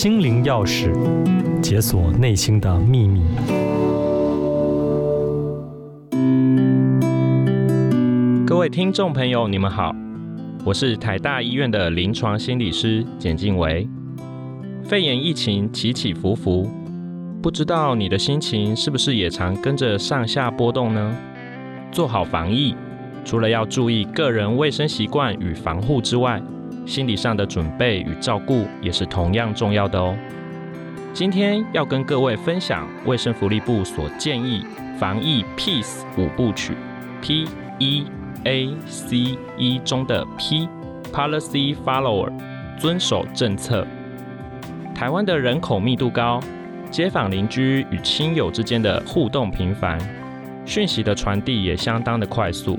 心靈鑰匙，解鎖內心的秘密。各位聽眾朋友，你們好，我是台大醫院的臨床心理師簡靜偉。肺炎疫情起起伏伏，不知道你的心情是不是也常跟着上下波動呢？做好防疫，除了要注意個人衛生習慣與防護之外，心理上的準備與照顧也是同樣重要的哦。今天要跟各位分享衛生福利部所建議防疫 PEACE 五部曲 P E A C E 中的 P Policy Follower 遵守政策。台灣的人口密度高，街坊鄰居與親友之間的互動頻繁，訊息的傳遞也相當的快速，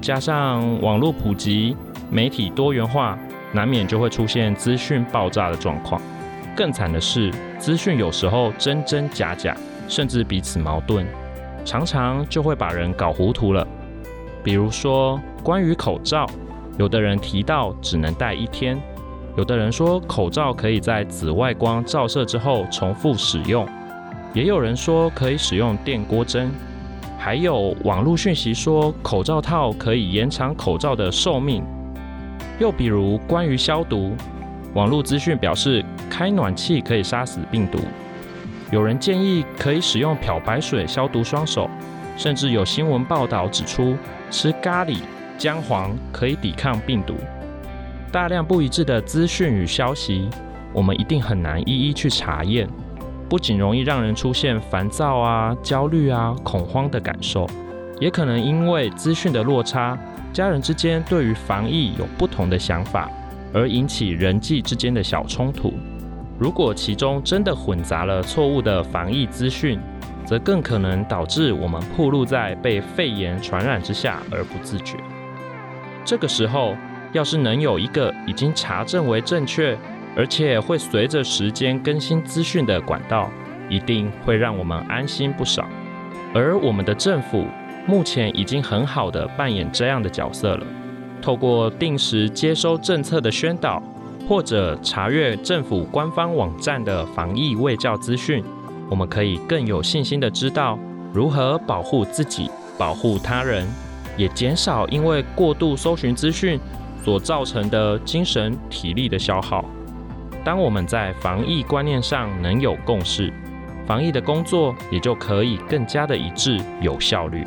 加上網絡普及、媒體多元化。難免就會出現資訊爆炸的狀況。更慘的是，資訊有時候真真假假，甚至彼此矛盾，常常就會把人搞糊塗了。比如說，關於口罩，有的人提到只能戴一天，有的人說口罩可以在紫外光照射之後重複使用，也有人說可以使用電鍋蒸，還有網路訊息說口罩套可以延長口罩的壽命。又比如，關於消毒，網絡資訊表示開暖氣可以殺死病毒；有人建議可以使用漂白水消毒雙手，甚至有新聞報道指出吃咖喱、薑黃可以抵抗病毒。大量不一致的資訊與消息，我們一定很難一一去查驗，不僅容易讓人出現煩躁啊、焦慮啊、恐慌的感受。也可能因為資訊的落差，家人之間對於防疫有不同的想法，而引起人際之間的小衝突。如果其中真的混雜了錯誤的防疫資訊，則更可能導致我們暴露在被肺炎傳染之下而不自覺。這個時候，要是能有一個已經查證為正確，而且會隨着時間更新資訊的管道，一定會讓我們安心不少。而我們的政府，目前已經很好的扮演這樣的角色了。透過定時接收政策的宣導，或者查閱政府官方網站的防疫衛教資訊，我們可以更有信心的知道如何保護自己、保護他人，也減少因為過度搜尋資訊所造成的精神、體力的消耗。當我們在防疫觀念上能有共識，防疫的工作也就可以更加的一致、有效率。